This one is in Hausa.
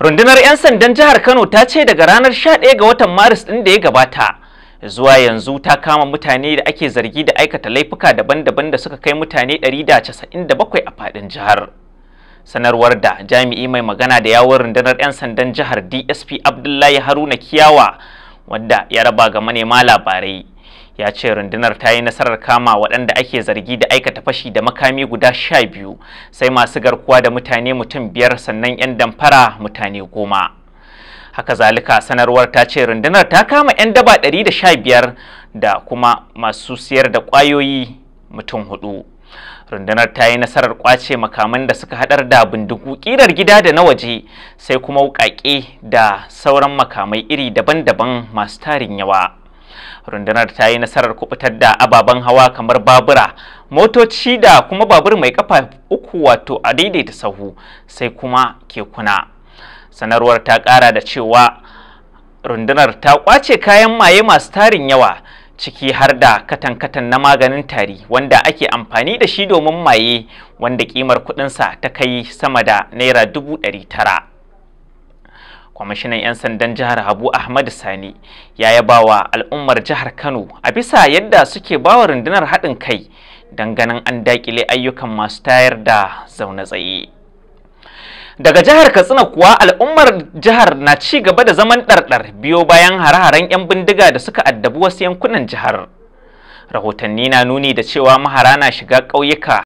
rundunar 'yan sandan jihar kano ta ce daga ranar 11 ga watan maris ɗin da ya gabata zuwa yanzu ta kama mutane da ake zargi da aikata laifuka daban-daban da suka kai mutane 197 a faɗin jihar sanarwar da jami'i mai magana da yawon rundunar 'yan sandan jihar dsp abdullahi haruna kiyawa wanda ya raba ga manema labarai ya ce rundunar ta yi nasarar kama waɗanda ake zargi da aikata fashi da makami guda sha biyu sai masu garkuwa da mutane mutum biyar sannan 'yan damfara mutane goma haka zalika sanarwar ta ce rundunar ta kama 'yan daba 115 da kuma masu siyar da ƙwayoyi mutum hudu rundunar ta yi nasarar kwace makaman da suka hadar da bindigu kirar gida da na waje sai kuma wukake da sauran makamai iri daban-daban masu tarin yawa rundunar ta yi nasarar kubutar da ababen hawa kamar babura motoci da kuma babur mai kafa uku wato a daidaita sahu sai kuma kekuna sanarwar ta kara da cewa rundunar ta kwace kayan maye masu tarin yawa ciki har da katan-katan na maganin tari wanda ake amfani da shi domin maye wanda kimar kudinsa ta kai sama da naira dubu ɗari tara kwamishinan 'yan sandan jihar habu ahmad sani ya yaba wa al'ummar jihar kano a bisa yadda suke bawa rundunar haɗin kai don ganin an daƙile ayyukan masu tayar da zaune tsaye daga jihar katsina kuwa al'ummar jihar na ci gaba da zaman ɗarɗar biyo bayan hare-haren 'yan bindiga da suka addabi wasu yankunan jihar rahotanni na nuni da cewa mahara na shiga ƙauyuka